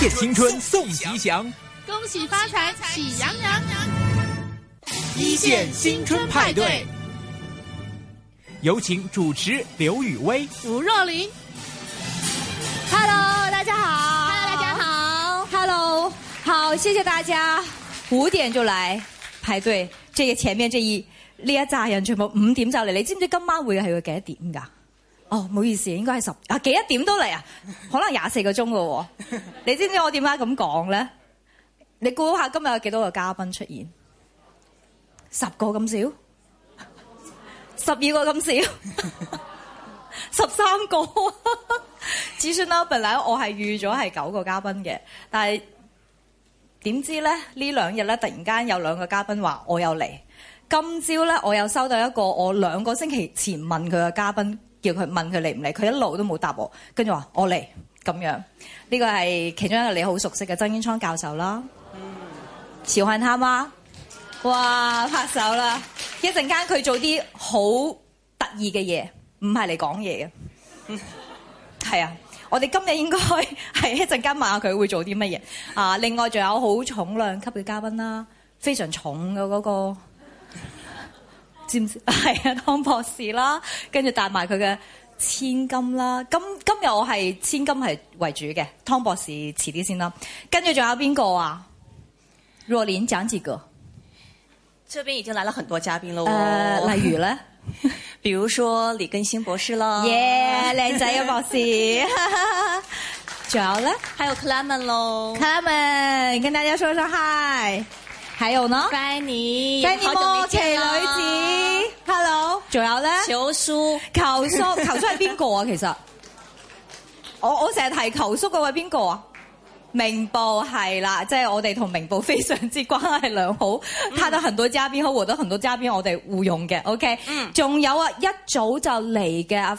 一線新春送吉祥，恭喜發財，喜洋洋！一線新春派對，有請主持劉雨薇、吳若琳。Hello，大家好！Hello，大家好！Hello，好，謝謝大家。五點就來排隊，這個、前面這一這一紮人全部五點就來，你知唔知今晚會係會幾多點噶？哦，唔好意思，應該係十啊幾一點都嚟啊，可能廿四個鐘㗎喎。你知唔知我點解咁講咧？你估下今日有幾多個嘉賓出現？十個咁少？十二個咁少？ 十三個？就 算啦，原來我係預咗係九個嘉賓嘅，但係點知咧？兩呢兩日咧，突然間有兩個嘉賓話我又嚟。今朝咧，我又收到一個我兩個星期前問佢嘅嘉賓。叫佢問佢嚟唔嚟，佢一路都冇答我。跟住話我嚟咁樣。呢、這個係其中一個你好熟悉嘅曾淵滄教授啦。朝、嗯、向他媽，哇拍手啦！一陣間佢做啲好得意嘅嘢，唔係嚟講嘢嘅。係、嗯、啊，我哋今日應該係一陣間問下佢會做啲乜嘢啊。另外仲有好重量級嘅嘉賓啦，非常重嘅嗰、那個。係啊，湯博士啦，跟住帶埋佢嘅千金啦。今今日我係千金係為主嘅，湯博士遲啲先啦。跟住仲有邊個啊？若琳，講幾、這個？這邊已經來了很多嘉賓咯。誒、呃，例如咧， 比如說李根興博士啦。耶，e 靚仔嘅博士。仲 有咧，還有 Clement 咯。Clement 跟大家說聲 hi。還有呢 Fanny 多奇女子，Hello，仲有咧？小叔，求叔，求叔係邊個啊？其實， 我我成日提求叔嗰位邊個啊？明報係啦，即係我哋同明報非常之關係良好，睇到很多嘉賓好，獲得很多嘉賓，我哋互用嘅，OK，嗯，仲有啊，一早就嚟嘅。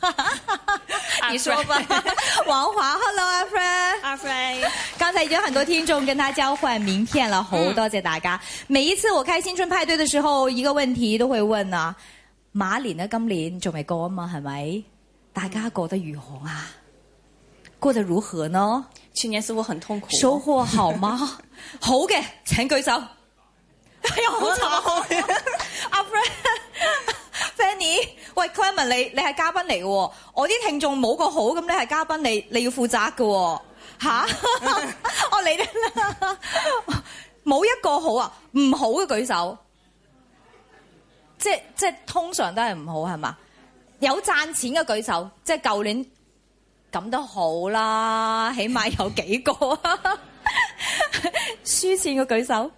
你說吧， 王華，Hello，阿 free，剛才已經很多聽眾跟他交換名片了，好、嗯，多謝大家。每一次我開新春派對的時候，一個問題都會問啊，馬年呢，今年仲未過啊嘛？係咪？大家過得雨紅啊？過得如何呢？去年似乎很痛苦，啊，收穫好嗎？好 嘅，請舉手。有 啊、哎，阿飛 ，Fanny。喂 Kevin 你你係嘉賓嚟嘅、哦，我啲聽眾冇個好咁，你係嘉賓，你你要負責嘅、哦，嚇、啊？我你啦冇一個好啊，唔好嘅舉手，即即通常都係唔好係嘛？有賺錢嘅舉手，即舊年咁都好啦，起碼有幾個、啊。 輸錢嘅舉手，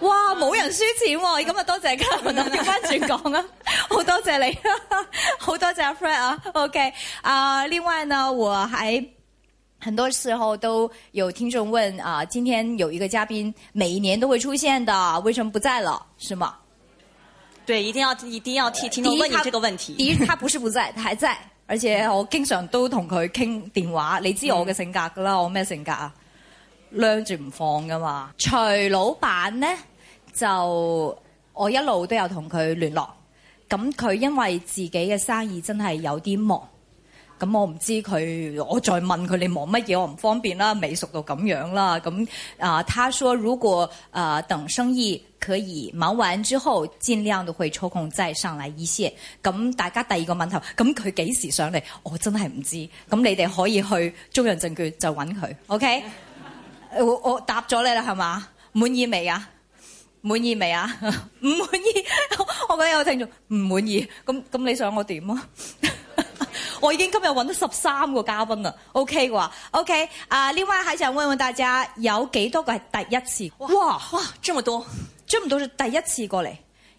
哇，冇人輸錢喎，咁啊多謝 Kevin 我調翻轉講啊！說 好多謝你， 好多謝阿 Fred 啊。OK，啊，另外呢，我還很多時候都有聽眾問啊，今天有一個嘉賓每一年都會出現的，為什麼不在了？是嗎？對，一定要一定要替、呃、聽眾問你這個問題。第一，他不是不在，他還在，而且我經常都同佢傾電話。你知我嘅性格噶啦、嗯，我咩性格啊？晾住唔放噶嘛。徐老闆呢，就我一路都有同佢聯絡。咁佢因為自己嘅生意真係有啲忙，咁我唔知佢，我再問佢你忙乜嘢，我唔方便啦，未熟到咁樣啦，咁啊、呃，他說如果啊、呃、等生意可以忙完之後，盡量都會抽空再上嚟一線。咁大家第二個問題，咁佢幾時上嚟？我真係唔知。咁你哋可以去中央證券就揾佢，OK？ 我我答咗你啦，係嘛？滿意未啊？滿意未啊？唔 滿滿意？ 我覺得有聽眾唔滿意。咁咁你想我點啊？ 我已經今日搵到十三個嘉賓啦 OK 啩？OK 啊、呃？另外還想問問大家，有幾多個係第一次？哇哇，哇，這麼多，追唔到就第一次過嚟。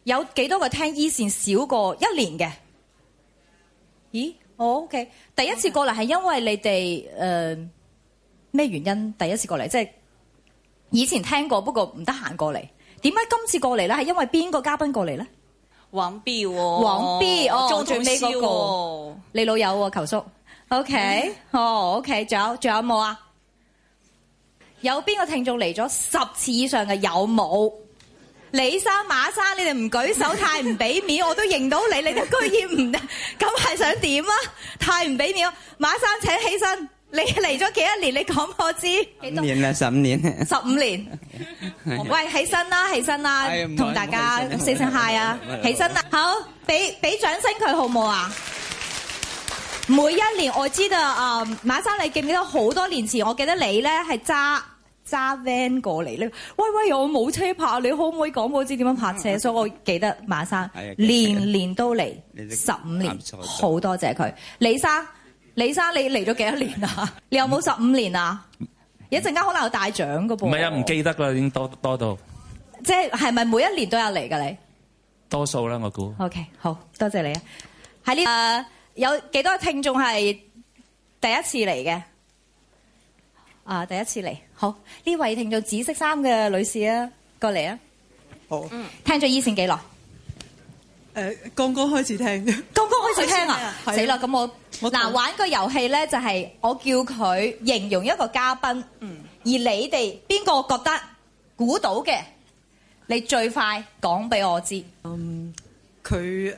有幾多個聽 E 線少過一年嘅？咦、oh，？OK。第一次過嚟係因為你哋誒咩原因第一次過嚟？即係以前聽過，不過唔得閒過嚟。點解今次過嚟咧？係因為邊個嘉賓過嚟咧？黃碧黃 B，我坐最尾嗰個,個、哦，你老友喎、哦，求叔。O K，哦，O K，仲有仲有冇啊？有邊個聽眾嚟咗十次以上嘅有冇？李生、馬生，你哋唔舉手 太唔俾面，我都認到你，你居然唔，咁 係想點啊？太唔俾面，馬生請起身。你嚟咗幾多年？你講我知幾多年啦？十五年。十五年，喂，起身啦，起身啦，同、哎、大家 say 聲 hi 啊！起身啦，好，俾俾掌聲佢好唔好啊？ 每一年我知道，誒，馬生，你記唔記得好多年前，我記得你咧係揸揸 van 過嚟咧？喂喂，我冇車牌，你可唔可以講我，我知點樣拍車？ 所以我記得馬生， 年年都嚟，十 五年，好多謝佢。李生。李生，你嚟咗幾多年啊？你有冇十五年啊？嗯、一陣間可能有大獎噶噃。唔係啊，唔記得啦，已經多多到。即係係咪每一年都有嚟噶你？多數啦，我估。OK，好多謝你啊！喺呢、這個呃，有幾多聽眾係第一次嚟嘅？啊、呃，第一次嚟，好呢位聽眾紫色衫嘅女士啊，過嚟啊！好，嗯，聽咗依線幾耐？誒、呃，剛剛開始聽。剛剛開始聽啊！死啦，咁我。嗱，玩個遊戲咧，就係、是、我叫佢形容一個嘉賓，嗯、而你哋邊個覺得估到嘅，你最快講俾我知。嗯，佢誒，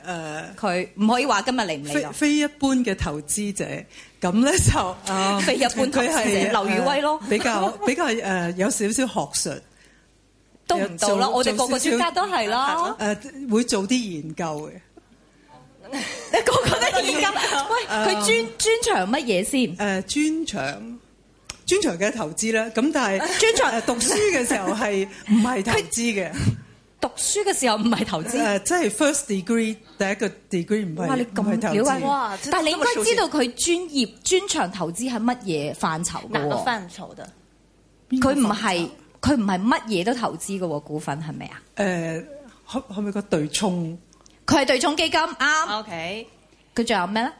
佢、呃、唔可以話今日嚟唔嚟。非一般嘅投資者，咁咧就、嗯、非一般。佢、嗯、係、呃、劉宇威咯，比較比較誒、呃，有少少學術都唔到咯。我哋個個專家都係咯，誒、啊呃、會做啲研究嘅。你個個都係咁。喂，佢專專長乜嘢先？誒、呃，專長專長嘅投資咧，咁但係專長讀書嘅時候係唔係投資嘅？讀書嘅時候唔係投資，誒、呃，即係 first degree 第一個 degree 唔係投資哇！你咁係哇，但係你應該知道佢專業專長投資係乜嘢範疇噶邊個範疇的？佢唔係佢唔係乜嘢都投資嘅，股份係咪啊？誒，可可唔可以個對沖？佢係對沖基金，啱。O K，佢仲有咩咧？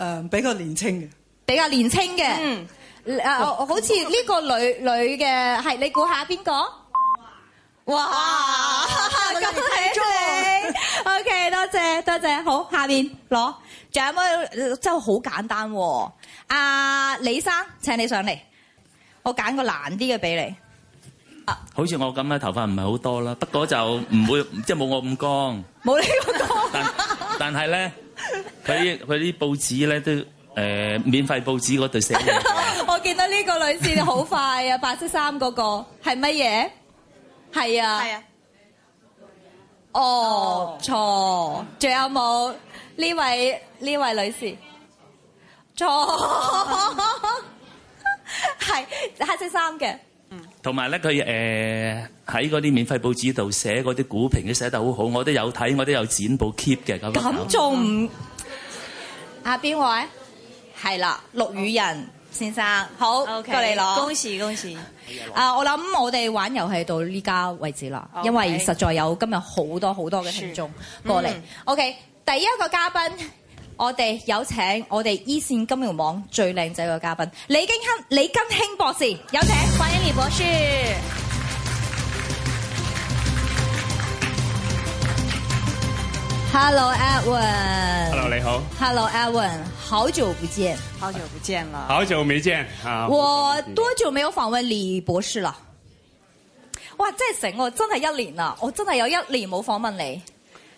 誒，比較年輕嘅。比較年輕嘅。嗯。誒，好似呢個女女嘅係，你估下邊個？哇！哇！恭喜你。O K，多謝多謝。好，下邊攞。仲有冇？真係好簡單喎。阿李生請你上嚟，我揀個難啲嘅俾你。好似我咁咧，頭髮唔係好多啦，不過就唔會 即係冇我咁光。冇呢個光。但係咧，佢佢啲報紙咧都誒免費報紙嗰度寫。我見到呢個女士好快啊！ 白色衫嗰、那個係乜嘢？係啊。係啊。哦、oh, oh.，錯。仲有冇呢位呢位女士？錯。係、oh. 黑色衫嘅。同埋咧，佢誒喺嗰啲免費報紙度寫嗰啲股評，佢寫得好好，我都有睇，我都有剪報 keep 嘅。咁仲阿邊位？係啦，陸羽人、哦、先生，好，okay、過嚟攞。恭喜恭喜！啊，我諗我哋玩遊戲到呢家為止啦，因為實在有今日好多好多嘅聽眾過嚟、嗯。OK，第一個嘉賓。我哋有請我哋依線金融網最靚仔嘅嘉賓李根興李根興博士，有請，歡迎李博士。Hello，Edwin。Hello，你好。Hello，Edwin，好久不見，好久不見了，好久沒見。我多久沒有訪問李博士了？哇，真係醒喎，真係一年啦，我真係有一年冇訪問你。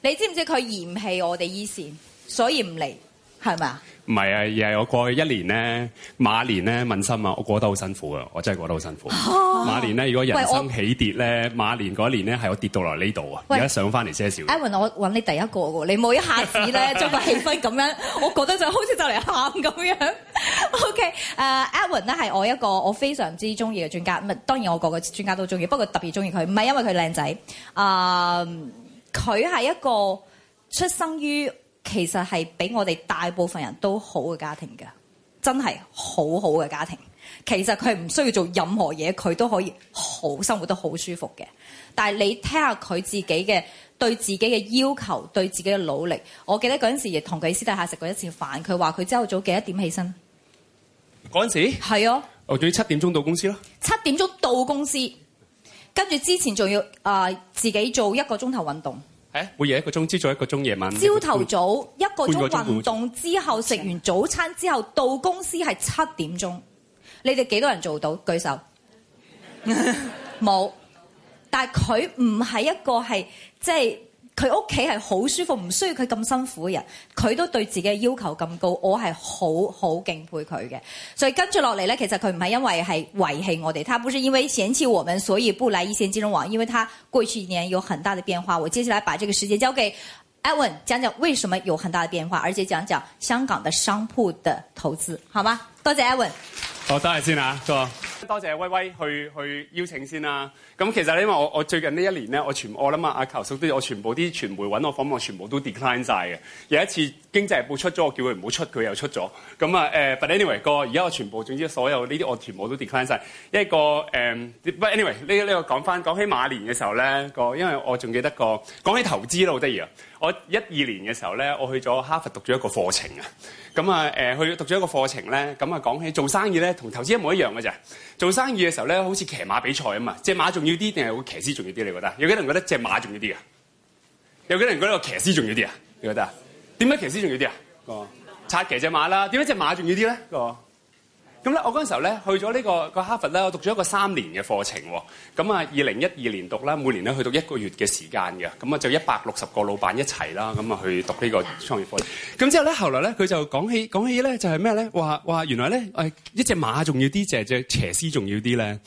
你知唔知佢嫌棄我哋依線？所以唔嚟係咪？唔係啊，而係我過去一年咧，馬年咧問心啊，我過得好辛苦啊，我真係過得好辛苦。啊、馬年咧，如果人生起跌咧，馬年嗰一年咧係我跌到落嚟呢度啊，而家上翻嚟些少。Edwin，我搵你第一個㗎喎，你冇一下子咧將個氣氛咁樣，我覺得就好似就嚟喊咁樣。OK，誒，Edwin 咧係我一個我非常之中意嘅專家，咁啊當然我各個專家都中意，不過特別中意佢，唔係因為佢靚仔，啊佢係一個出生於。其實係比我哋大部分人都好嘅家庭噶，真係好好嘅家庭。其實佢唔需要做任何嘢，佢都可以好生活得好舒服嘅。但係你聽下佢自己嘅對自己嘅要求，對自己嘅努力。我記得嗰陣時亦同佢私底下食過一次飯，佢話佢朝頭早幾多點起身？嗰陣時係哦、啊，哦，我仲要七點鐘到公司咯，七點鐘到公司，跟住之前仲要、呃、自己做一個鐘頭運動。誒，每日一個鐘，朝早一個鐘，夜晚。朝頭早一個鐘運動之後，食完早餐之後到公司係七點鐘。你哋幾多人做到？舉手。冇。 但係佢唔係一個係即係。就是佢屋企係好舒服，唔需要佢咁辛苦嘅人，佢都對自己嘅要求咁高，我係好好敬佩佢嘅。所以跟住落嚟呢，其實佢唔係因為係遺棄我哋。他不是因為嫌棄我們，所以不來一線金融網，因為他過去一年有很大的變化。我接下來把這個時間交給艾文，講講為什麼有很大的變化，而且講講香港的商鋪的投資，好嗎？多謝艾文。好、哦，等先啊。坐。多謝威威去去邀請先啦、啊。咁其實咧，因為我我最近呢一年咧，我全我諗、啊，阿球叔啲我全部啲傳媒搵我訪問，我全部都 decline 晒嘅。有一次經濟報出咗，我叫佢唔好出，佢又出咗。咁啊誒，but anyway 個而家我全部總之所有呢啲我全部都 decline 晒。一個誒，anyway 呢呢個講翻講起馬年嘅時候咧，個因為我仲記得個講起投資都好得意啊！我一二年嘅時候咧，我去咗哈佛讀咗一個課程啊。咁啊，誒、呃、去讀咗一個課程咧，咁啊講起做生意咧，同投資一模一樣嘅啫。做生意嘅時候咧，好似騎馬比賽啊嘛，隻馬重要啲定係個騎師重要啲？你覺得有幾多人覺得隻馬重要啲啊？有幾多人覺得個騎師重要啲啊？你覺得啊？點解騎師重要啲啊？哦、那個，策騎隻馬啦。點解隻馬重要啲咧？那個咁咧，我嗰陣時候咧，去咗呢個個哈佛咧，我讀咗一個三年嘅課程喎。咁啊，二零一二年讀啦，每年咧去到一個月嘅時間嘅，咁啊就一百六十個老闆一齊啦，咁啊去讀呢個創業課程。咁之後咧，後來咧佢就講起講起咧，就係咩咧？話話原來咧，誒一隻馬仲要啲，只隻騎師仲要啲咧。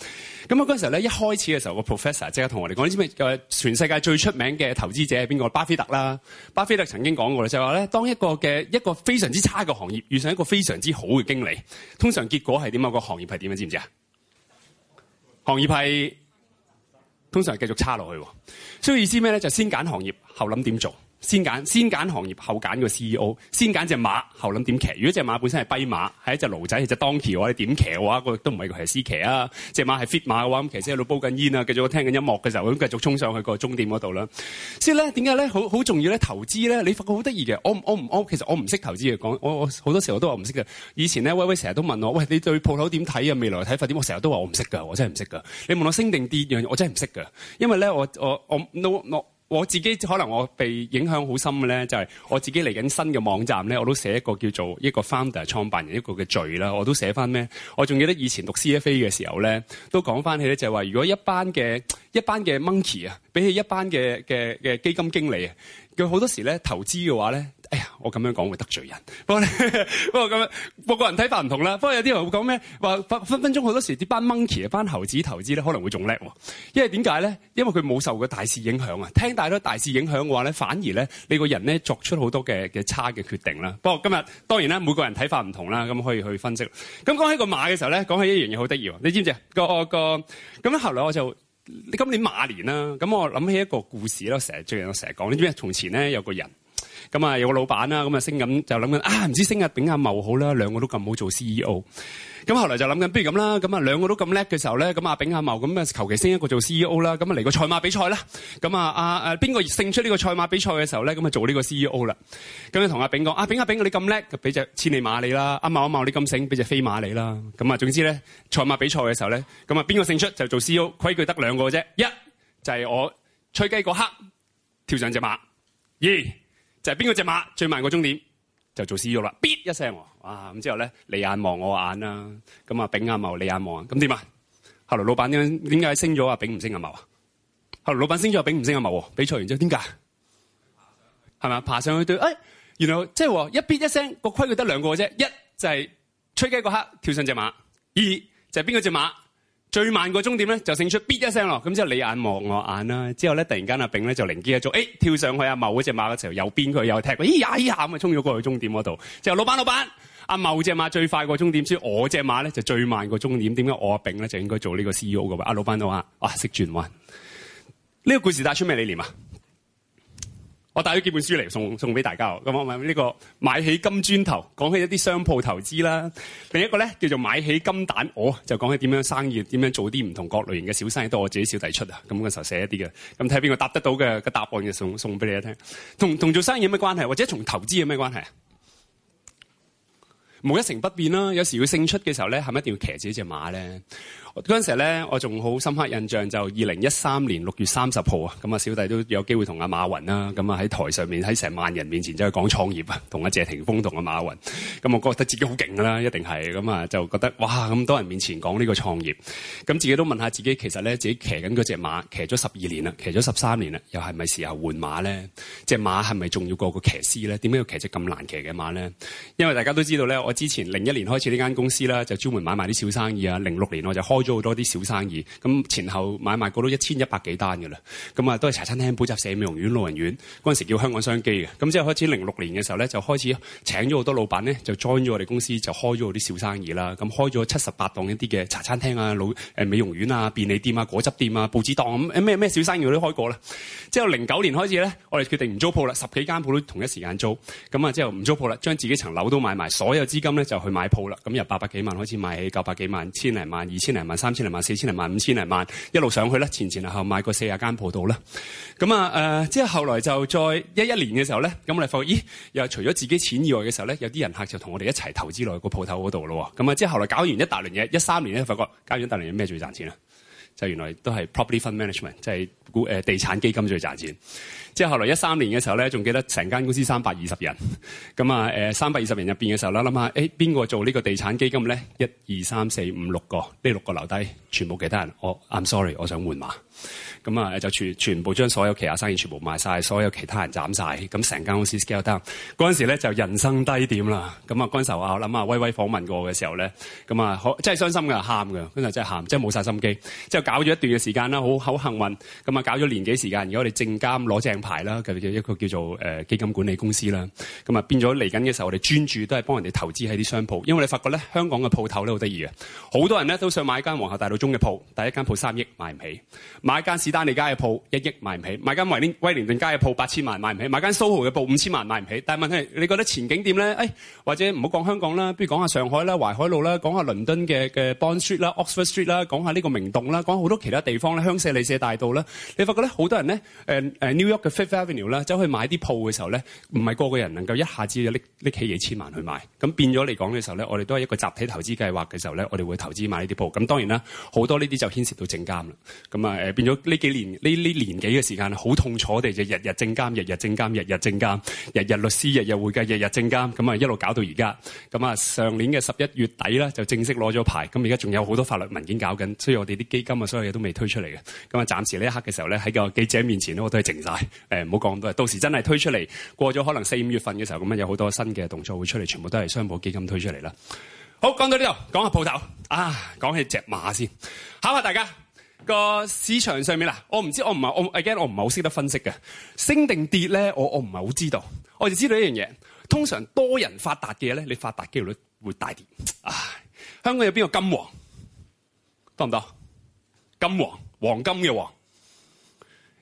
咁啊嗰陣時候咧，一開始嘅時候個 professor 即刻同我哋講，你知唔知個全世界最出名嘅投資者係邊個？巴菲特啦，巴菲特曾經講過，就係話咧，當一個嘅一個非常之差嘅行業遇上一個非常之好嘅經理，通常結果係點啊？那個行業係點啊？知唔知啊？行業係通常繼續差落去，所以意思咩咧？就先揀行業，後諗點做。先揀先揀行業，後揀個 CEO。先揀隻馬，後諗點騎。如果隻馬本身係跛馬，係一隻驢仔，係隻 donkey 嘅話，你點騎嘅話，都唔係佢個係 C 騎啊。隻馬係 fit 馬嘅話，咁其實喺度煲緊煙啊，繼續聽緊音樂嘅時候，咁繼續衝上去個終點嗰度啦。所以咧，點解咧，好好重要咧？投資咧，你發覺好得意嘅。我我唔我其實我唔識投資嘅。講我我好多時候我都話唔識嘅。以前咧，威威成日都問我，喂，你對鋪頭點睇啊？未來睇法點？我成日都話我唔識㗎，我真係唔識㗎。你問我升定啲樣我真係唔識㗎。因為咧，我我我 no 我。我 no, no, no, 我自己可能我被影響好深嘅咧，就係、是、我自己嚟緊新嘅網站咧，我都寫一個叫做一個 founder 創辦人一個嘅罪啦，我都寫翻咩？我仲記得以前讀 CFA 嘅時候咧，都講翻起咧就係話，如果一班嘅一班嘅 monkey 啊，比起一班嘅嘅嘅基金經理啊。佢好多時咧投資嘅話咧，哎呀，我咁樣講會得罪人。不過，呵呵不過咁，各個人睇法唔同啦。不過有啲人會講咩話分分分鐘好多時啲班 monkey、班猴子投資咧可能會仲叻喎。因為點解咧？因為佢冇受過大市影響啊。聽太多大市影響嘅話咧，反而咧你個人咧作出好多嘅嘅差嘅決定啦。不過今日當然呢，每個人睇法唔同啦，咁可以去分析。咁講起個馬嘅時候咧，講起一樣嘢好得意喎。你知唔知啊？個個咁後後來我就。你今年馬年啦，咁我諗起一個故事啦，成日最近我成日講，你知唔知啊？從前咧有個人。咁啊，有個老闆啦，咁啊升咁就諗緊啊，唔知升阿炳阿茂好啦，兩個都咁好做 C E O。咁後嚟就諗緊，不如咁啦，咁啊兩個都咁叻嘅時候咧，咁阿炳阿茂咁啊，求其升一個做 C E O 啦。咁啊嚟個賽馬比賽啦。咁啊阿誒邊個勝出呢個賽馬比賽嘅時候咧，咁啊做呢個 C E O 啦。咁啊同阿炳講，阿炳阿炳你咁叻，俾隻千里馬你啦。阿茂阿茂你咁醒，俾隻飛馬你啦。咁啊總之咧賽馬比賽嘅時候咧，咁啊邊個勝出就做 C E O。規矩得兩個啫，一就係我吹雞嗰刻跳上隻馬，二。就係邊個隻馬最慢個終點就做 CEO 啦，咇一聲、哦，哇咁之後咧你眼望我眼啦，啊，咁啊丙阿茂你眼望，咁點啊？後來老闆點點解升咗啊？Hello, 丙唔升阿茂啊？後來老闆升咗啊丙唔升阿茂，比賽完之後點解？係咪爬上去對，哎，然後即係一咇一聲，個規矩得兩個嘅啫，一,一，個一就係、是、吹雞嗰刻跳上隻馬，二就係邊個隻馬，最慢個終點咧，就勝出咇一聲咯，咁之後你眼望我眼啦，之後咧突然間阿炳咧就靈機一觸，誒、欸、跳上去阿茂嗰隻馬嘅時候，右邊佢又踢佢，咿、欸哎、呀咿呀咁啊衝咗過去終點嗰度，就後老闆老闆，阿茂隻馬最快過終點，所以我隻馬咧就最慢過終點，點解我阿炳咧就應該做呢個 C E O 嘅？阿老闆都話，哇識轉彎，呢、這個故事帶出咩理念啊？我帶咗幾本書嚟，送送俾大家，咁啊，呢個買起金磚頭，講起一啲商鋪投資啦，另一個咧叫做買起金蛋，我就講起點樣生意，點樣做啲唔同各類型嘅小生意，都我自己小弟出啊。咁嗰時候寫一啲嘅，咁睇下邊個答得到嘅答案，就送送俾你一聽。同同做生意有咩關係？或者同投資有咩關係啊？冇一成不變啦，有時要勝出嘅時候咧，係咪一定要騎自己隻馬咧？嗰陣時咧，我仲好深刻印象就二零一三年六月三十號啊，咁啊小弟都有機會同阿馬雲啦、啊，咁啊喺台上面喺成萬人面前就係講創業啊，同阿謝霆鋒同阿馬雲，咁我覺得自己好勁㗎啦，一定係，咁啊就覺得哇咁多人面前講呢個創業，咁自己都問下自己，其實咧自己騎緊嗰隻馬騎咗十二年啦，騎咗十三年啦，又係咪時候換馬咧？隻馬係咪重要過個騎師咧？點解要騎隻咁難騎嘅馬咧？因為大家都知道咧，我之前零一年開始呢間公司啦，就專門買賣啲小生意啊，零六年我就開。咗好多啲小生意，咁前後買賣過都一千一百幾單嘅啦。咁啊，都係茶餐廳、補習社、美容院、老人院，嗰陣時叫香港商機嘅。咁之後開始零六年嘅時候咧，就開始請咗好多老闆咧，就 join 咗我哋公司，就開咗好多小生意啦。咁開咗七十八檔一啲嘅茶餐廳啊、老誒美容院啊、便利店啊、果汁店啊、報紙檔咁，咩咩小生意我都開過啦。之後零九年開始咧，我哋決定唔租鋪啦，十幾間鋪都同一時間租。咁啊，之後唔租鋪啦，將自己層樓都買埋，所有資金咧就去買鋪啦。咁由八百幾萬開始買起，九百幾萬、千零萬、二千零萬、三千零萬、四千零萬、五千零萬，一路上去咧，前前後後買過四十間鋪頭啦。咁啊，誒、呃，即係後來就再一一年嘅時候咧，咁我哋發覺，咦，又除咗自己錢以外嘅時候咧，有啲人客就同我哋一齊投資落個鋪頭嗰度咯。咁啊，即係後來搞完一大輪嘢，一三年咧，發覺搞完一大輪嘢咩最賺錢啊？就原來都係 property fund management，即係誒地產基金最賺錢。即係後來一三年嘅時候咧，仲記得成間公司三百二十人，咁啊三百二十人入面嘅時候呢，諗下誒邊個做呢個地產基金咧？一二三四五六個，呢六個留低，全部其他人我、oh, I'm sorry，我想換馬，咁啊就全全部將所有其他生意全部賣晒，所有其他人斬晒。咁成間公司 scale down。嗰陣時咧就人生低點啦，咁啊嗰陣時候啊，我諗啊威威訪問過我嘅時候咧，咁啊真係傷心㗎，喊嘅，嗰陣真係喊，真係冇晒心機。之後搞咗一段嘅時間啦，好好幸運，咁啊搞咗年幾時間，如果我哋證監攞證牌啦，佢哋一個叫做誒、呃、基金管理公司啦，咁、嗯、啊變咗嚟緊嘅時候，我哋專注都係幫人哋投資喺啲商鋪，因為你發覺咧，香港嘅鋪頭咧好得意嘅，好多人咧都想買間皇后大道中嘅鋪，但一間鋪三億買唔起，買間士丹利街嘅鋪一億買唔起，買間威廉威廉頓街嘅鋪八千萬買唔起，買間 SOHO 嘅鋪五千萬買唔起。但係問題，你覺得前景點咧？誒、哎，或者唔好講香港啦，不如講下上海啦、淮海路啦，講下倫敦嘅嘅 Bond Street 啦、Oxford Street 啦，講下呢個明洞啦，講好多其他地方咧，香榭麗舍大道啦，你發覺咧，好多人咧，誒、呃、誒、呃、New York 嘅 Fifth Avenue 啦，走去買啲鋪嘅時候咧，唔係個個人能夠一下子就拎拎起幾千萬去買，咁變咗嚟講嘅時候咧，我哋都係一個集體投資計劃嘅時候咧，我哋會投資買呢啲鋪。咁當然啦，好多呢啲就牽涉到證監啦。咁啊誒，變咗呢幾年呢呢年幾嘅時間，好痛楚哋就日日證監，日日證監，日日證監，日日律師，日日會計，日日證監，咁啊一路搞到而家。咁啊上年嘅十一月底咧，就正式攞咗牌。咁而家仲有好多法律文件搞緊，所以我哋啲基金啊，所有嘢都未推出嚟嘅。咁啊暫時呢一刻嘅時候咧，喺個記者面前咧，我都係靜晒。誒唔好講多，到時真係推出嚟，過咗可能四五月份嘅時候咁樣，有好多新嘅動作會出嚟，全部都係商鋪基金推出嚟啦。好，講到呢度，講下鋪頭啊，講起隻馬先，考下大家個市場上面啦，我唔知我唔係我 again 我唔係好識得分析嘅，升定跌咧，我我唔係好知道，我哋知道一樣嘢，通常多人發達嘅嘢咧，你發達機率會大跌。啊，香港有邊個金黃？多唔多？金黃，黃金嘅黃，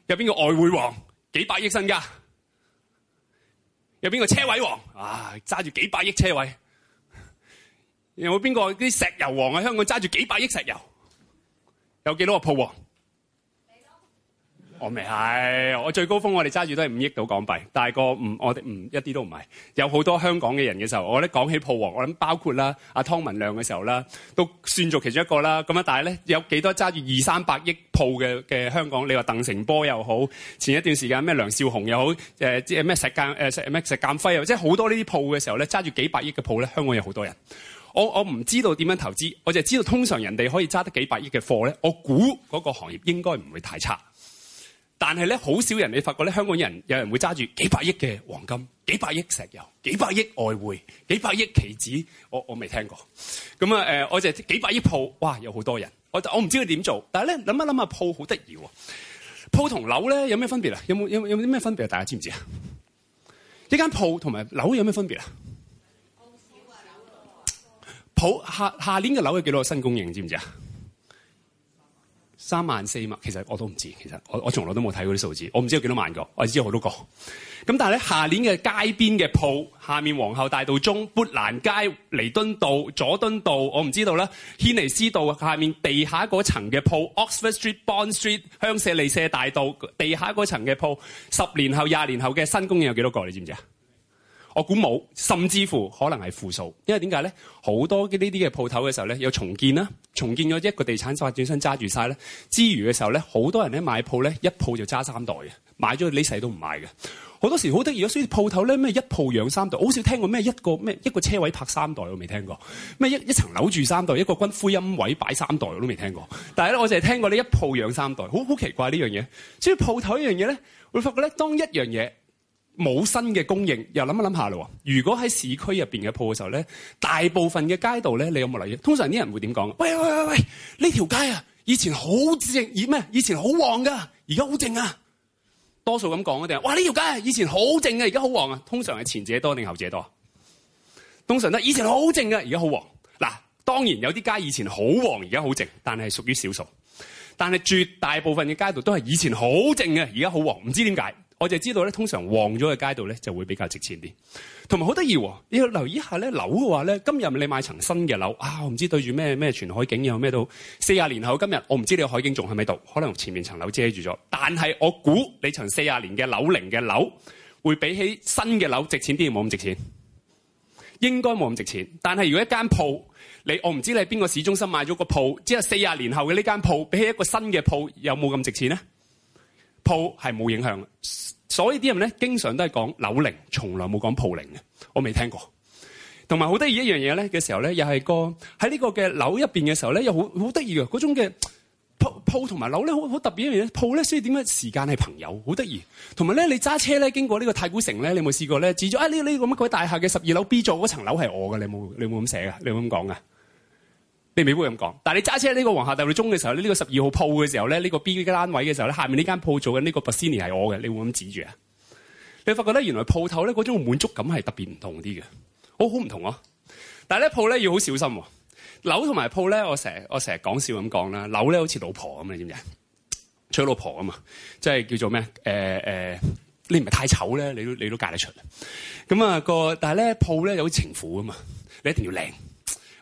有邊個外匯黃？幾百億身家，有邊個車位王啊？揸住幾百億車位，有冇邊個啲石油王喺香港揸住幾百億石油？有幾多個鋪王？我未係、哎，我最高峰我哋揸住都係五億到港幣，大過五我哋嗯一啲都唔係。有好多香港嘅人嘅時候，我咧講起鋪王，我諗包括啦，阿、啊、湯文亮嘅時候啦，都算做其中一個啦。咁啊，但係咧有幾多揸住二三百億鋪嘅嘅香港？你話鄧成波又好，前一段時間咩梁少雄又好，誒即係咩石鑑誒石咩石鑑輝又好，即係好多呢啲鋪嘅時候咧揸住幾百億嘅鋪咧，香港有好多人。我我唔知道點樣投資，我就係知道通常人哋可以揸得幾百億嘅貨咧，我估嗰個行業應該唔會太差。但係咧，好少人你發覺咧，香港人有人會揸住幾百億嘅黃金、幾百億石油、幾百億外匯、幾百億期指。我我未聽過。咁啊、呃、我就係幾百億鋪，哇，有好多人。我我唔知佢點做，但係咧諗一諗下，鋪好得意喎。鋪同樓咧有咩分別啊？有冇有有啲咩分別啊？大家知唔知啊？一間鋪同埋樓有咩分別啊？鋪下下年嘅樓有幾多個新供應？知唔知啊？三萬四萬，其實我都唔知，其實我我從來都冇睇過啲數字，我唔知有幾多萬個，我只知有好多個。咁但係咧，下年嘅街邊嘅鋪，下面皇后大道中、砵蘭街、彌敦道、佐敦道，我唔知道啦。軒尼斯道下面地下嗰層嘅鋪，Oxford Street、Bond Street、香舍利舍大道地下嗰層嘅鋪，十年後、廿年後嘅新公園有幾多個？你知唔知啊？我估冇，甚至乎可能係負數，因為點解咧？好多呢啲嘅鋪頭嘅時候咧，有重建啦，重建咗一個地產發展商揸住晒咧，之餘嘅時候咧，好多人咧買鋪咧，一鋪就揸三代嘅，買咗呢世都唔賣嘅。好多時好得意，如果所以鋪頭咧咩一鋪養三代，好少聽過咩一個咩一個車位泊三代，我未聽過咩一一層樓住三代，一個骨灰龕位擺三代我都未聽過。但係咧，我淨係聽過呢一鋪養三代，好好奇怪呢樣嘢。所以鋪頭呢樣嘢咧，會發覺咧，當一樣嘢。冇新嘅供應，又諗一諗下嘞喎。如果喺市區入面嘅鋪嘅時候咧，大部分嘅街道咧，你有冇留意？通常啲人會點講啊？喂喂喂喂，呢條街啊，以前好靜，以咩？以前好旺噶，而家好靜啊。多數咁講一定係？哇！呢條街以前好靜啊，而家好旺啊。通常係前者多定後者多？通常咧，以前好靜嘅，而家好旺。嗱，當然有啲街以前好旺，而家好靜，但係屬於少數。但係絕大部分嘅街道都係以前好靜嘅，而家好旺，唔知點解。我就知道咧，通常旺咗嘅街道咧，就會比較值錢啲。同埋好得意，你要留意下咧，樓嘅話咧，今日你買層新嘅樓啊，我唔知對住咩咩全海景，又咩到。四十年後今日，我唔知你海景仲喺咪度，可能前面層樓遮住咗。但係我估你層四十年嘅樓齡嘅樓，會比起新嘅樓值錢啲，冇咁值錢。應該冇咁值錢。但係如果一間鋪，你我唔知你喺邊個市中心買咗個鋪，之後四十年後嘅呢間鋪比起一個新嘅鋪，有冇咁值錢咧？鋪係冇影響，所以啲人咧經常都係講樓齡，從來冇講鋪齡嘅，我未聽過。同埋好得意一樣嘢咧嘅時候咧，又係個喺呢個嘅樓入邊嘅時候咧，又好好得意嘅嗰種嘅鋪鋪同埋樓咧，好好特別一樣嘢。鋪咧所以點解時間係朋友，好得意。同埋咧你揸車咧經過呢個太古城咧，你有冇試過咧？指咗啊呢呢個乜鬼、這個、大廈嘅十二樓 B 座嗰層樓係我嘅，你冇你冇咁寫㗎，你冇咁講㗎。你未必會咁講，但係你揸車呢個皇后大道中嘅時候，呢個十二號鋪嘅時候咧，呢、這個 B 嘅單位嘅時候咧，下面呢間鋪做緊呢個 Bossini 係我嘅，你會唔會咁指住啊？你發覺咧，原來鋪頭咧嗰種滿足感係特別唔同啲嘅，好好唔同哦、啊。但係咧鋪咧要好小心喎、啊。樓同埋鋪咧，我成我成日講笑咁講啦。樓咧好似老婆咁你知唔知娶老婆啊嘛，即係叫做咩？誒、呃、誒、呃，你唔係太醜咧，你都你都嫁得出。咁、那、啊個，但係咧鋪咧有好情婦啊嘛，你一定要靚。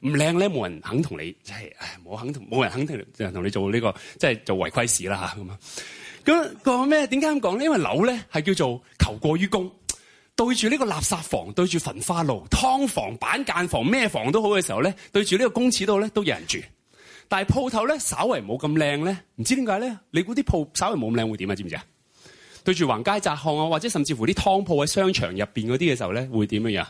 唔靚咧，冇人肯同你即係，冇肯冇人肯定就同你做呢個即係做違規事啦嚇，咁啊！咁個咩？點解咁講咧？因為樓咧係叫做求過於公，對住呢個垃圾房、對住焚化爐，劏房、板間房、咩房都好嘅時候咧，對住呢個公廁度咧都有人住。但係鋪頭咧稍為冇咁靚咧，唔知點解咧？你估啲鋪稍為冇咁靚會點啊？知唔知啊？對住橫街窄巷啊，或者甚至乎啲湯鋪喺商場入邊嗰啲嘅時候咧，會點嘅樣？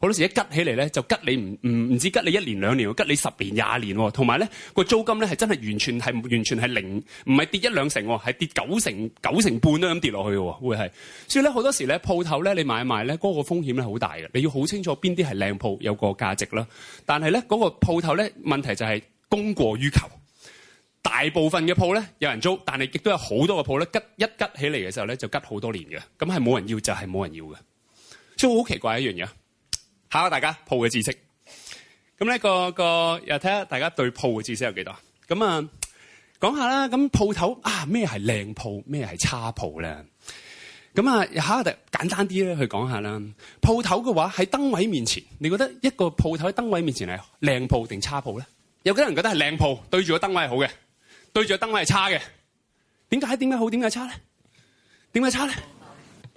好多時一吉起嚟咧，就吉你唔唔唔止吉你一年兩年，吉你十年廿年喎。同埋咧個租金咧係真係完全係完全係零，唔係跌一兩成，係跌九成九成半都咁跌落去喎。會係。所以咧好多時咧鋪頭咧你買賣咧嗰個風險咧好大嘅，你要好清楚邊啲係靚鋪有個價值啦。但係咧嗰個鋪頭咧問題就係供過於求，大部分嘅鋪咧有人租，但係亦都有好多個鋪咧吉一吉起嚟嘅時候咧就吉好多年嘅，咁係冇人要就係冇人要嘅。所以好奇怪一樣嘢。考下大家鋪嘅知識，咁呢個個又睇下大家對鋪嘅知識有幾多？咁啊，講下啦。咁鋪頭啊，咩係靚鋪，咩係差鋪咧？咁啊，吓，第簡單啲咧去講下啦。鋪頭嘅話喺燈位面前，你覺得一個鋪頭喺燈位面前係靚鋪定差鋪咧？有幾多人覺得係靚鋪？對住個燈位係好嘅，對住個燈位係差嘅。點解？點解好？點解差咧？點解差咧？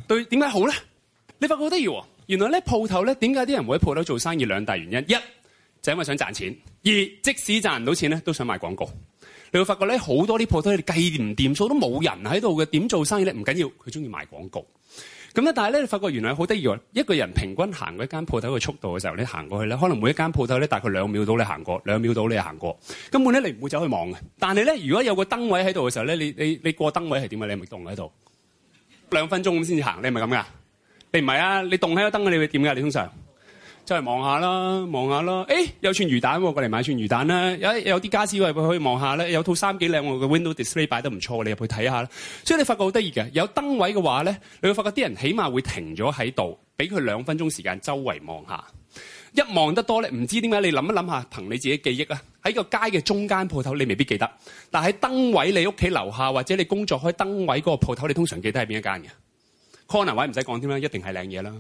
對，點解好咧？你發覺得意喎。原來咧，鋪頭咧，點解啲人會喺鋪頭做生意？兩大原因，一就因為想賺錢；二即使賺唔到錢咧，都想賣廣告。你會發覺咧，好多啲鋪頭，你計唔掂數都冇人喺度嘅，點做生意咧？唔緊要，佢中意賣廣告。咁咧，但係咧，你發覺原來好得意喎！一個人平均行嗰間鋪頭嘅速度嘅時候你行過去咧，可能每一間鋪頭咧，大概兩秒到你行過，兩秒到你行過。根本咧，你唔會走去望嘅。但係咧，如果有個燈位喺度嘅時候咧，你你你過燈位係點啊？你咪動喺度兩分鐘咁先至行，你係咪咁噶？你唔係啊！你棟喺個燈，你會點噶？你通常周圍望下啦，望下啦。誒、欸，有串魚蛋喎，過嚟買串魚蛋啦。有有啲傢俬，佢可以望下咧。有，看看有套衫幾靚嘅 Window Display 擺得唔錯，你入去睇下啦。所以你發覺好得意嘅，有燈位嘅話咧，你會發覺啲人起碼會停咗喺度，俾佢兩分鐘時間周圍望下。一望得多咧，唔知點解你諗一諗下，憑你自己記憶啊，喺個街嘅中間鋪頭你未必記得，但喺燈位你屋企樓下或者你工作開燈位嗰個鋪頭，你通常記得係邊一間嘅？corner 位唔使講添啦，一定係靚嘢啦。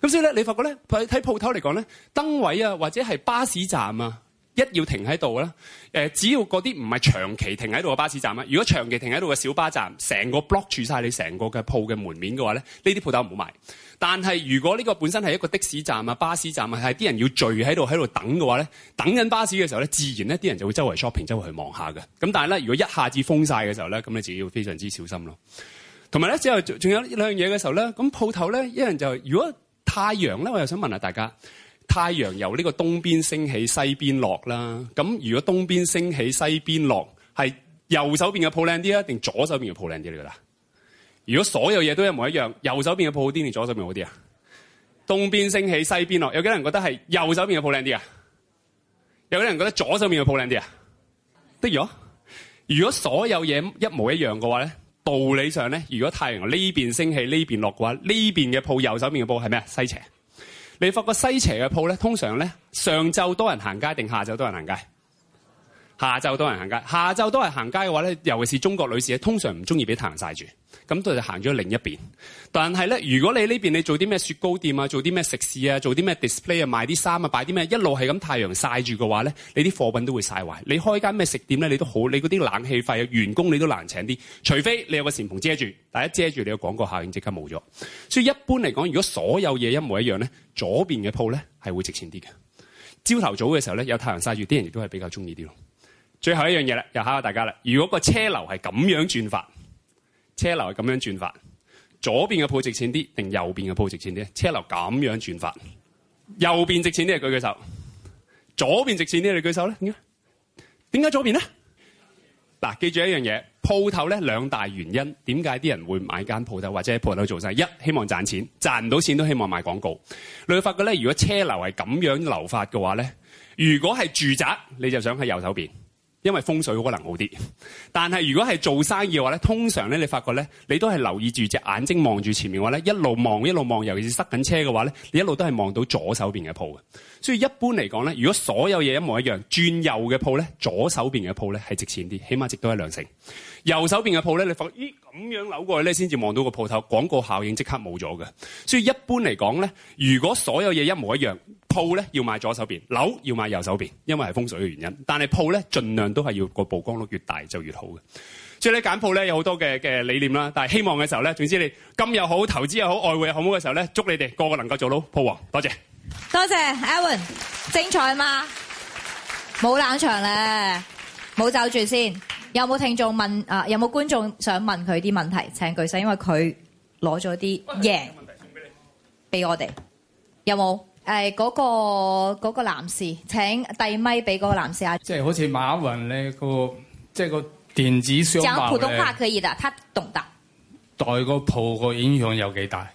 咁所以咧，你發覺咧睇鋪頭嚟講咧，燈位啊，或者係巴士站啊，一要停喺度啦。誒，只要嗰啲唔係長期停喺度嘅巴士站啊，如果長期停喺度嘅小巴站，成個 block 住晒你成個嘅鋪嘅門面嘅話咧，呢啲鋪頭唔好買。但係如果呢個本身係一個的士站啊、巴士站啊，係啲人要聚喺度喺度等嘅話咧，等緊巴士嘅時候咧，自然咧啲人就會周圍 shopping，周圍去望下嘅。咁但係咧，如果一下子封晒嘅時候咧，咁你自己要非常之小心咯。同埋咧，之後仲有呢有兩樣嘢嘅時候咧，咁鋪頭咧，一樣就如果太陽咧，我又想問下大家，太陽由呢個東邊升起西邊落啦。咁如果東邊升起西邊落，係右手邊嘅鋪靚啲啊，定左手邊嘅鋪靚啲你覺得？如果所有嘢都一模一樣，右手邊嘅鋪好啲定左手邊好啲啊？東邊升起西邊落，有幾多人覺得係右手邊嘅鋪靚啲啊？有幾多人覺得左手邊嘅鋪靚啲啊？的如如果所有嘢一模一樣嘅話咧？道理上咧，如果太陽呢邊升起，呢邊落嘅話，呢邊嘅鋪右手邊嘅鋪係咩啊？西斜。你發覺西斜嘅鋪咧，通常咧上晝多人行街定下晝多人行街？下晝多人行街，下晝都係行街嘅話咧，尤其是中國女士咧，通常唔中意俾太陽曬住，咁佢就行咗另一邊。但係咧，如果你呢邊你做啲咩雪糕店啊，做啲咩食肆啊，做啲咩 display 啊，賣啲衫啊，擺啲咩，一路係咁太陽曬住嘅話咧，你啲貨品都會曬壞。你開間咩食店咧，你都好，你嗰啲冷氣費、啊、員工你都難請啲，除非你有個簾篷遮住，大家遮住，你嘅廣告效應即刻冇咗。所以一般嚟講，如果所有嘢一模一樣咧，左邊嘅鋪咧係會值錢啲嘅。朝頭早嘅時候咧，有太陽曬住，啲人亦都係比較中意啲咯。最後一樣嘢啦，又考下大家啦。如果個車流係咁樣轉法，車流係咁樣轉法，左邊嘅鋪值錢啲，定右邊嘅鋪值錢啲？車流咁樣轉法，右邊值錢啲，係舉個手；左邊值錢啲，你舉手咧，點解？點解左邊咧？嗱、啊，記住一樣嘢，鋪頭咧兩大原因，點解啲人會買間鋪頭或者喺鋪頭做生意？一希望賺錢，賺唔到錢都希望賣廣告。你會發覺呢，咧，如果車流係咁樣流法嘅話咧，如果係住宅，你就想喺右手邊。因為風水可能好啲，但係如果係做生意嘅話咧，通常咧你發覺咧，你都係留意住隻眼睛望住前面嘅話咧，一路望一路望，尤其是塞緊車嘅話咧，你一路都係望到左手邊嘅鋪嘅。所以一般嚟講咧，如果所有嘢一模一樣，轉右嘅鋪咧，左手邊嘅鋪咧係值錢啲，起碼值到係一兩成。右手邊嘅鋪咧，你發覺咦，咁樣扭過去咧，先至望到個鋪頭，廣告效應即刻冇咗嘅。所以一般嚟講咧，如果所有嘢一模一樣，鋪咧要買左手邊，樓要買右手邊，因為係風水嘅原因。但係鋪咧，盡量都係要個曝光率越大就越好嘅。所以你揀鋪咧有好多嘅嘅理念啦。但係希望嘅時候咧，總之你金又好，投資又好，外匯又好嘅時候咧，祝你哋個個能夠做到鋪王。多謝，多謝 Alan，精彩嗎？冇冷場咧，冇走住先。有冇聽眾問啊？有冇觀眾想問佢啲問題？請舉手，因為佢攞咗啲嘢，俾我哋。有冇？誒、哎、嗰、那個那個男士，請遞咪俾嗰個男士下。即、就、係、是、好似馬雲咧、那個，即、就、係、是、個電子商。講普通話可以的，他懂得。代個鋪個影響有幾大？.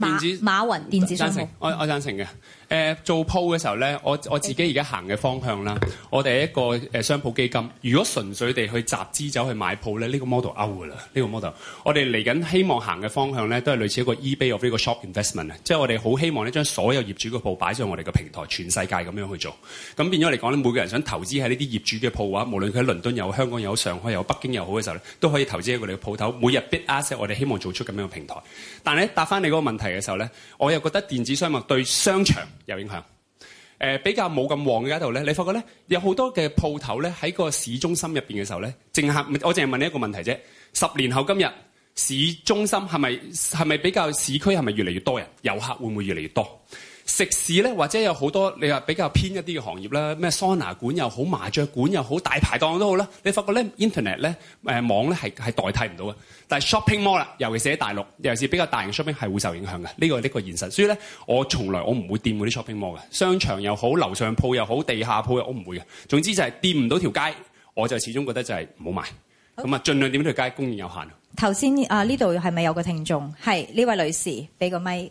電子馬雲電子商城，我我贊成嘅、呃。做鋪嘅時候咧，我我自己而家行嘅方向啦，我哋一個、呃、商鋪基金。如果純粹地去集資走去買鋪咧，呢、這個 model out 噶啦，呢、這個 model。我哋嚟緊希望行嘅方向咧，都係類似一個 eBay or 呢個 shop investment 啊，即係我哋好希望咧，將所有業主嘅鋪擺上我哋嘅平台，全世界咁樣去做。咁變咗嚟講咧，每個人想投資喺呢啲業主嘅鋪嘅話，無論佢喺倫敦又好、香港又好、上海又好、北京又好嘅時候咧，都可以投資喺我哋嘅鋪頭。每日 b i d asset，我哋希望做出咁樣嘅平台。但係呢，答翻你嗰個問題。嘅時候咧，我又覺得電子商貿對商場有影響。誒、呃，比較冇咁旺嘅街道咧，你發覺咧，有好多嘅鋪頭咧喺個市中心入邊嘅時候咧，剩客，我淨係問你一個問題啫。十年後今日市中心係咪係咪比較市區係咪越嚟越多人？遊客會唔會越嚟越多？食肆咧，或者有好多你話比較偏一啲嘅行業啦，咩桑拿館又好，麻雀館又好，大排檔都好啦。你發覺咧，Internet 咧，網咧係係代替唔到嘅。但係 shopping mall 啦，尤其是喺大陸，尤其是比較大型 shopping 係會受影響嘅。呢、呢個呢、呢個現實。所以咧，我從來我唔會掂嗰啲 shopping mall 嘅，商場又好，樓上鋪又好，地下鋪又好，我唔會嘅。總之就係掂唔到條街，我就始終覺得就係唔好買。咁啊，儘量點都條街供應有限。頭先啊，呢度係咪有個聽眾？係呢位女士，俾個咪。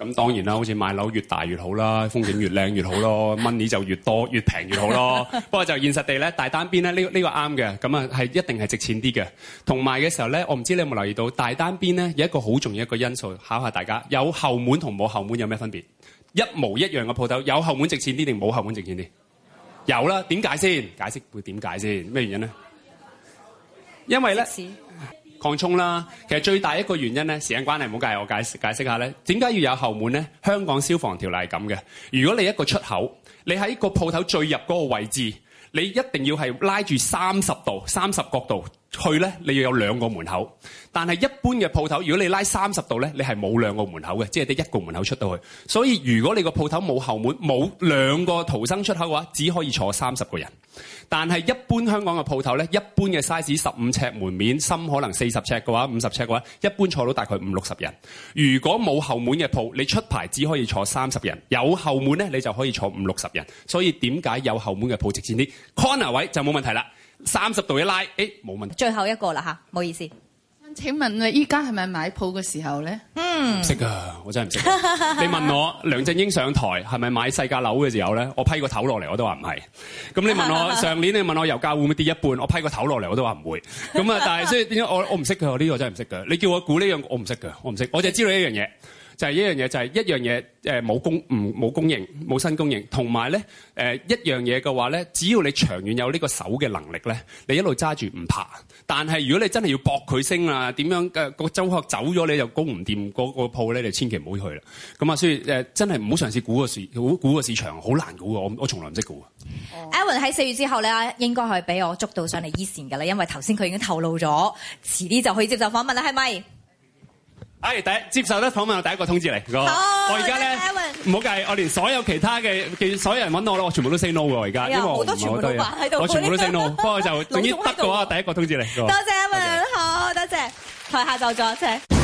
咁當然啦，好似買樓越大越好啦，風景越靚越好咯，money 就越多越平越好咯。不過就現實地咧，大單邊咧呢個呢個啱嘅，咁啊係一定係值錢啲嘅。同埋嘅時候咧，我唔知你有冇留意到大單邊咧有一個好重要一個因素，考下大家有後門同冇後門有咩分別？一模一樣嘅鋪頭，有後門值錢啲定冇後門值錢啲？有啦，點解先？解釋會點解先？咩原因咧？因為咧。擴充啦，其實最大一個原因呢，時間關係唔好介意，我解解釋下呢，點解要有後門呢？香港消防條例係咁嘅，如果你一個出口，你喺個鋪頭最入嗰個位置，你一定要係拉住三十度、三十角度。去咧，你要有兩個門口。但係一般嘅鋪頭，如果你拉三十度咧，你係冇兩個門口嘅，即係得一個門口出到去。所以如果你個鋪頭冇後門，冇兩個逃生出口嘅話，只可以坐三十個人。但係一般香港嘅鋪頭咧，一般嘅 size 十五尺門面，深可能四十尺嘅話，五十尺嘅話，一般坐到大概五六十人。如果冇後門嘅鋪，你出牌只可以坐三十人；有後門咧，你就可以坐五六十人。所以點解有後門嘅鋪值錢啲？corner 位就冇問題啦。三十度一拉，哎、欸，冇問題。最後一個啦吓，唔好意思。請問你依家係咪買鋪嘅時候咧？唔識噶，我真係唔識。 你問我梁振英上台係咪買細價樓嘅時候咧？我批個頭落嚟，我都話唔係。咁你問我 上年你問我油價會唔會跌一半？我批個頭落嚟，我都話唔會。咁啊，但係所以點解我我唔識我呢個真係唔識㗎。你叫我估呢樣，我唔識㗎。我唔識。我就係知道一樣嘢。 就係、是、一樣嘢，就係、是、一樣嘢，冇、呃、供，唔冇供應，冇新供應。同埋咧，一樣嘢嘅話咧，只要你長遠有呢個手嘅能力咧，你一路揸住唔爬。但係如果你真係要搏佢升啦，點樣嘅個周學走咗你就供唔掂嗰個鋪咧，鋪你千祈唔好去啦。咁啊，所以、呃、真係唔好嘗試估個市，估，估，估個市場好難估。我我從來唔識估。Alan 喺四月之後咧，應該係俾我捉到上嚟依線㗎啦，因為頭先佢已經透露咗，遲啲就去接受訪問啦，係咪？唉，第一接受得訪問我第一個通知嚟，那個，我我而家咧唔好計，我連所有其他嘅見所有人揾我咧，我全部都 say no 喎，而家因為好多全部都話喺度，我全部都 say no，不過就總之得個第一個通知嚟，多謝阿雲，那個謝謝 okay。好，多謝，謝台下就座先。請